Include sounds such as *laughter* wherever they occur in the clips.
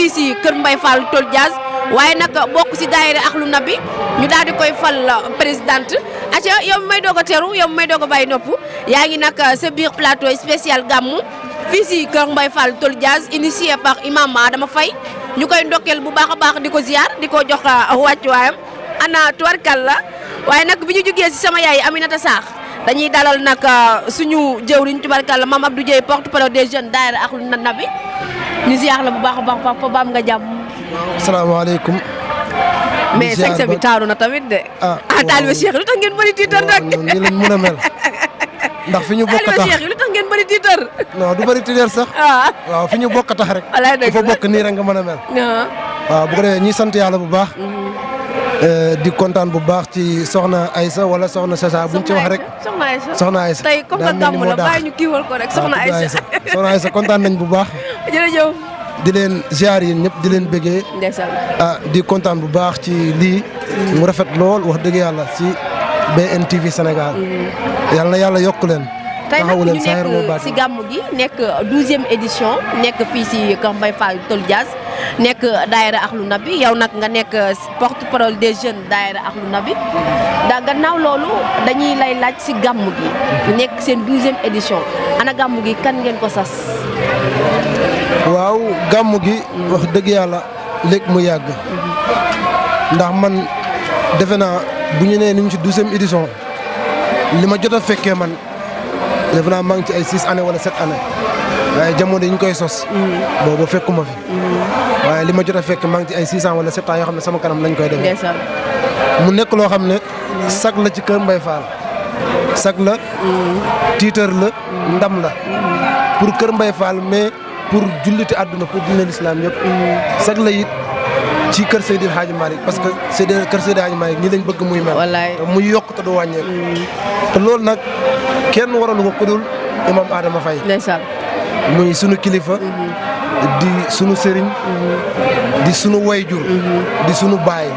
fii si kër Mbaye Fall Tol Diaz waaye nag bokk si daayira Ahlou Nabi ñu daal di koy fal euh, présidente aca yow mi may doog a teru yow mi may doog a bàyyi nopp yaa ngi nag euh, sa biir plateau spécial gàmmu fii si kër Mbaye Fall Tol Diaz initié par imam Adama fay ñu koy ndokkeel bu baax a baax di ko ziar di ko jox euh, wàccuwaayam ana tuwarkal la waaye nag bi ñu jógee si sama yaay Aminata Sarr dañuy dalal nag suñu jëwriñ tubarkal la maam Abdou Dieye porte-parole des jeunes daayira Ahlou Nabi ñu ziar la bu baax baax papa ba nga jam assalamu alaykum mais sa bi taaru na tamit de ah, ah taalibe cheikh lu tax ngeen bari tiitar nak ñu leen mëna mel ndax fiñu bokk tax cheikh lu tax ngeen bari tiitar non du bari tiitar sax ah. waaw fiñu bokk tax rek fa bokk ni rek nga mëna mel ah. waaw bu ko defee ñuy sant bu baax mhm. euh, di contane bu baax ci soxna Aïssa wala soxna Sasa buñ ci wax rek soxna Aïssa soxna Aïssa tay comme que gàmmu la bay ñu kiwol ko rek soxna Aïssa soxna Aïssa contane nañ bu baax jërëjëf. di leen ziar yéen ñëpp di leen bëggee. ah di kontaan bu baax ci lii. mu rafet lool wax dëgg yàlla si BNTV Sénégal. Mm-hmm. yàlla na yàlla yokk leen. tey nag ñu nekk si gàmmu gi nekk douzième édition nekk fii si kambay Mbaye Fall Tol Diaz nekk ak lu Nabi yow nag nga nekk porte parole des jeunes ak lu Nabi da gannaaw loolu dañuy lay laaj si gàmmu gi mm-hmm. nekk seen douzième édition ana gàmmu gi kan ngeen ko sas waaw gàmm gi wax dëgg yàlla léeg mu yàgg ndax man defe naa bu ñu nee ni ñu ci douzième édition li ma jot a fekkee man defe naa maa ci ay six années wala sept années waaye jamono yi ñu koy sos. boobu fekkuma fi. waaye li ma jot a fekk maa ngi ci ay six ans wala sept ans yoo xam ne sama kanam lañ koy defee. mu nekk loo xam ne. sag la ci kër Mbaye Fall. sag la. Mm. tiitër la ndam la. Mm. pour kër Mbaye Fall mais. pour julliti àdduna pour dina lislaam ñëpp sag la it ci kër Seydil Hadji Malick parce que Seydil kër Seydil Hadji Malick nii lañ bëgg muy mel muy yokk te du wàññeeku te loolu nag kenn waralu ko ku dul imam Adama Faye ndeysaan muy sunu kilifa mm-hmm. di sunu sëriñ mm-hmm. di sunu wayjur mm-hmm. di sunu baay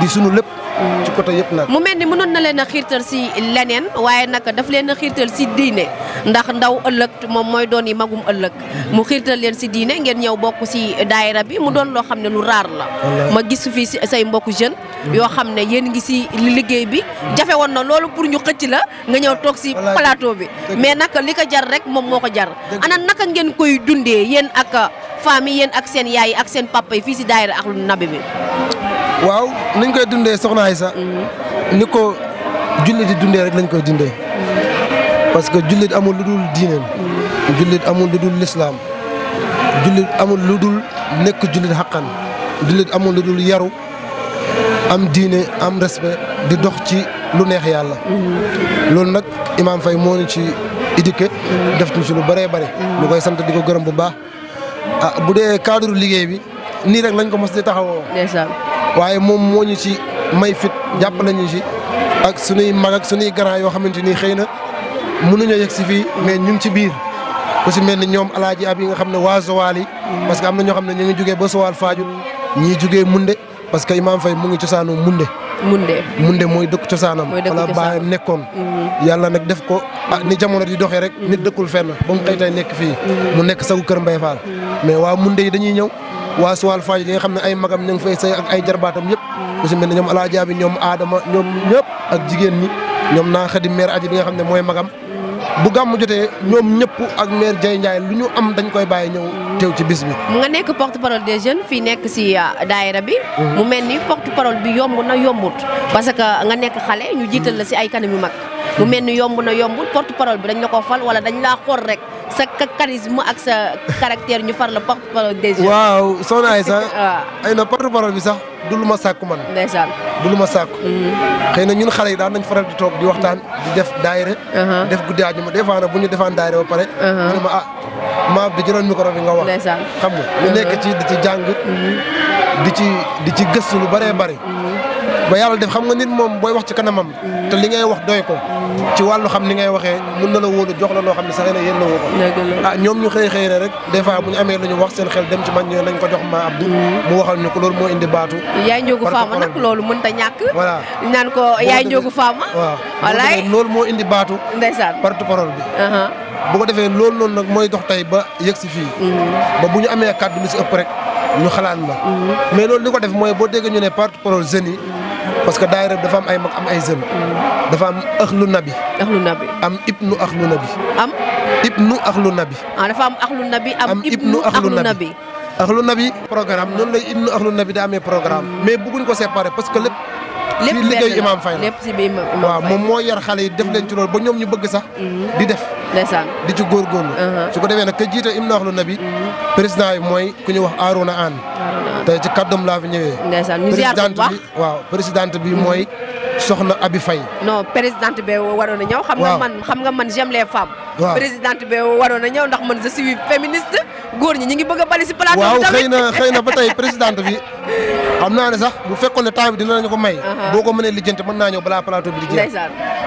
di sunu lépp ci côté yëpp mu mel ni mënoon na leen a xiirtal si leneen waaye nag daf leen a xiirtal si diine ndax ndaw ëllëg moom mooy doon yi magum ëllëg mu xiirtal leen si diine ngeen ñëw bokk si daayira bi mu doon loo xam ne lu raar la. ma gis fii si say mbokku jeune yoo xam ne yéen ngi si liggéey bi. jafe woon na loolu pour ñu xëcc la nga ñëw toog si plateau bi. mais nag li ko jar rek moom moo ko jar. ana naka ngeen koy dundee yéen ak famille yéen ak seen yaay ak seen papa yi fii si daayira ak lu nabi waaw niñ koy dundee soxna Aïssa ni ko jullit di dundee rek lañ koy dundee parce que jullit amul lu dul diineem jullit amul lu dul lislaam jullit amul lu dul nekk jullit xaqan jullit amul lu dul yaru am diine am respect di dox ci lu neex yàlla loolu nag imaam fay moo ñu ci éduqué def ñu ci lu bëree bëri ñu koy sant di ko gërëm bu baax ah bu dee cadre liggéey bi nii rek lañ ko mos di taxawoo waaye moom moo ñu ci may fit jàpp nañu ci ak sunuy mag ak sunuy grand yoo xamante ni xëy na mun mënuñoo yegg si fii mais ñu ngi ci biir ku si mel ni ñoom alaaji ab yi nga xam ne waa Joal yi parce que am na ñoo xam ne ñu ngi jugee ba Joal Fadiouth ñii jugee Moundé parce que Imam fay mu ngi cosaanu Moundé Moundé Moundé mooy dëkk cosaanam wala baayam nekkoon mm-hmm. yàlla nag def ko ah ni jamono di doxee rek ni dëkkul fenn ba mu xëy tey nekk fii mm-hmm. mu nekk sagu kër Mbaye mm-hmm. dañuy ñëw waa Suwal Fadiouth di nga xam ne ay magam ñu ngi say ak ay jarbaatam yëpp ku si mel ne ñoom alaaja ñoom aadama ñoom ñëpp ak jigéen ñi ñoom naa xadim maire aji bi nga xam ne mooy magam bu gàmm jotee ñoom ñëpp ak maire Ndiaye Ndiaye lu ñu am dañ koy bàyyi ñëw teew ci bis bi. nga nekk porte parole des jeune fii nekk si euh, daayira bi. Mhm. mu mel ni porte parole bi yomb na yombut. parce que nga nekk xale ñu jiital la si ay kanam yu mag. mu mel ni yomb na yomb porte parole bi dañ la ko fal wala dañ laa xool rek sa charisme ak sa caractère ñu far la porte parole des jeunes. waaw soxna Aïssa. waaw *laughs* ah. ay na porte parole bi sax du ma sàkku man. ndeysaan du lu ma sàkku. Mm. xëy na ñun xale yi daan nañ faral di toog di waxtaan di def daayira. Uh-huh. def guddi àjjuma des fois bu ñu defaan daayira ba pare. Uh-huh. mu ma ah di jëloon micro bi nga wax. ndeysaan xam nga ñu nekk uh-huh. ci di ci jàng. Mm-hmm. ci di ci gëstu lu bëree bëri. Mm-hmm. ba yàlla def xam nga nit moom booy wax ci kanamam te li ngay wax doy ko ci wàllu xam ni ngay waxee mun na la wóolu jox la loo xam ne sax na yéen la ah xëy xëy rek des fois bu ñu amee lu ñu wax seen jox ma Abdou mu ko loolu moo indi baatu yaay njóogu faama nag loolu mën ta ñàkk voilà naan ko yaay njóogu faama waaw walaay loolu moo indi baatu ndeysaan porte parole bi uh-huh. bu ko defee loolu noonu nag mooy dox tey ba yëg si fii mm-hmm. ba bu ñu amee kàddu lu si ëpp rek ñu xalaat la mm-hmm. mais loolu li ko def mooy boo déggee ñu ne porte parole jeunes yi parce que daayira dafa am ay mag am ay jeunes. dafa am axlu nabi. axlu nabi am ibnu axlu nabi. am ibnu axlu nabi. ah dafa am axlu nabi am ibnu axlu nabi. axlu nabi programme noonu lay ibnu axlu nabi daa amee programme mm. mais bëgguñ ko séparer parce que lépp. lépp ci liggéey Imaam Faye la waaw moom moo yar xale yi def leen ci loolu ba ñoom ñu bëgg sax. Mm. di def. ndeysaan di ci góorgóorlu. Uh-huh. su ko defee nag ka jiite ibnu axlu nabi. Mm. président yi mooy ku ñu wax Arouna Anne. tey ci kàddoom laa fi ñëwee. ndeysaan ñu ziar bu waaw président bi mm. mooy soxna Abi fay non présidente bee waroon a ñëw. xam nga man xam nga man j'aime les femmes. waaw présidente bee waroon a ñëw ndax man si suis féministe góor ñi ñu ngi bëgg a bali si plateau bi xëy na xëy na ba tey présidente bi. *laughs* xam naa ne sax bu fekkoon ne temps bi dina lañu ko may uh-huh. boo ko mënee lijjanti mën naa ñëw balaa plateau bi di jeex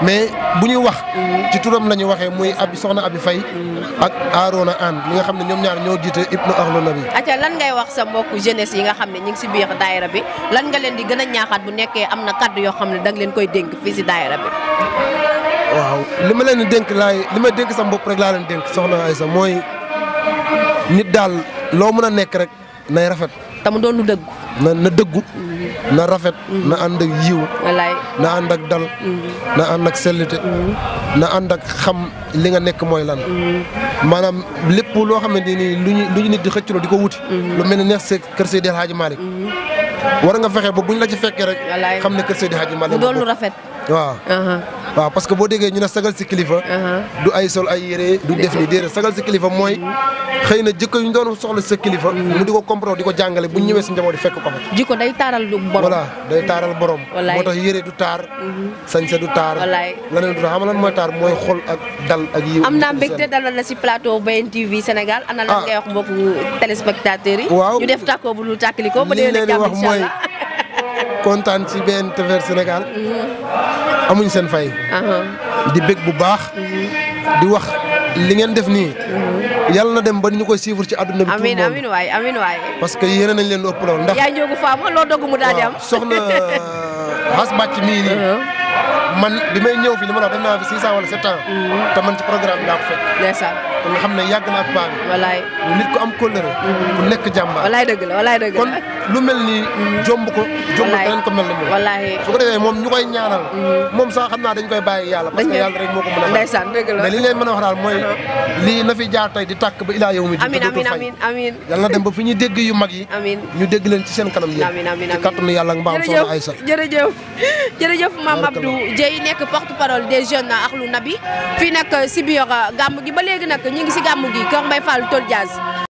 mais bu ñuy wax mm-hmm. ci turam la ñuy waxee muy abi soxna abi fay mm-hmm. ak Arona An li nga xam ne ñoom ñaar ñoo jiite Ibnu Ahlu Nabi acca lan ngay wax sa mbokk jeunesse yi nga xam ne ñi ngi si biir daayira bi lan nga leen di gën a ñaaxaat bu nekkee am na kaddu yoo xam ne da leen koy dénk fii si daayira bi waaw li ma leen di dénk laay li ma dénk sa bopp rek laa leen dénk soxna Aysa mooy nit daal loo mën a nekk rek nay rafet te mu doon lu dëgg. na na dëggu. Mm-hmm. na rafet. na mm-hmm. ànd ak yiw. wallaay na ànd ak dal. Mm-hmm. na ànd ak sellité. na ànd ak xam li nga nekk mooy lan. maanaam lépp loo xamante ni lu ñu lu ñu nit di xëcculoo di ko wuti. lu mel ne neex see kër Seydi El Hadji Malick. war nga fexe ba buñ la ci fekkee rek. xam ne kër Seydi El Hadji Malick. mu doon lu rafet waaw. Uh-huh. waaw parce que boo degee ñu ne sagal si kilifa. Uh-huh. du ay sol ay yére du def ni déedéet sagal si kilifa mooy xëy na jikko ñu soxla sa kilifa. Mm. mu di ko comprendre di ko jàngale bu ñëwee si njaboot di fekk ko fa. jikko day taaral borom voilà day taaral borom. moo tax yére du taar. Mm-hmm. sañse du taar. wallaay leneen du taar xam lan mooy taar mooy xol ak dal ak yiw. am naa mbégte dalal la si plateau BNTV Sénégal ana lan ah. ngay wax mbokku téléspectateurs yi. ñu def tàkkoo bu dul tàkkali ba déwén ak jàmm incha kontaan ci BNTV Sénégal. amuñ seen fay. Uh-huh. di bég bu baax. Uh-huh. di wax li ngeen def nii. Uh-huh. yàlla na dem ba ñu koy suivre ci àdduna bi. amiin amiin waay amiin waay. parce que yéene nañ leen lu ëpp lool ndax. yaa njóogu faama loo dogg mu daal di am. soxna Xas *laughs* euh, Bàcc mii man bi may ñëw fi li ma la wax def naa fi six ans wala te man ci programme bi laa ko fekk. te nga xam ne yàgg na ak paa bi. wallaay nit ku am kóllëre. kon lu mel nii. jomb ko jomb keneen ko mel ni moom. wallaay su ko defee moom ñu koy ñaanal. Mm-hmm. moom sax xam naa dañ koy bàyyi yàlla. parce que yàlla rek moo ko a. a wax daal uh-huh. ba ilaa yow mi. amiin amiin amiin amiin yàlla ba fi ñuy dégg yu mag yi. amiin ñu dégg leen ci seen kanam yéen. amiin amiin ci kàttanu yàlla ak mbaam soxna Aïssa. jërëjëf jërëjëf Mame Abdou Dieye nekk porte parole des jeunes Ahlou Nabi fii nag si biir gi ba léegi ñu ngi si gàmmu gi Kër Mbaye Fall Toll Jazz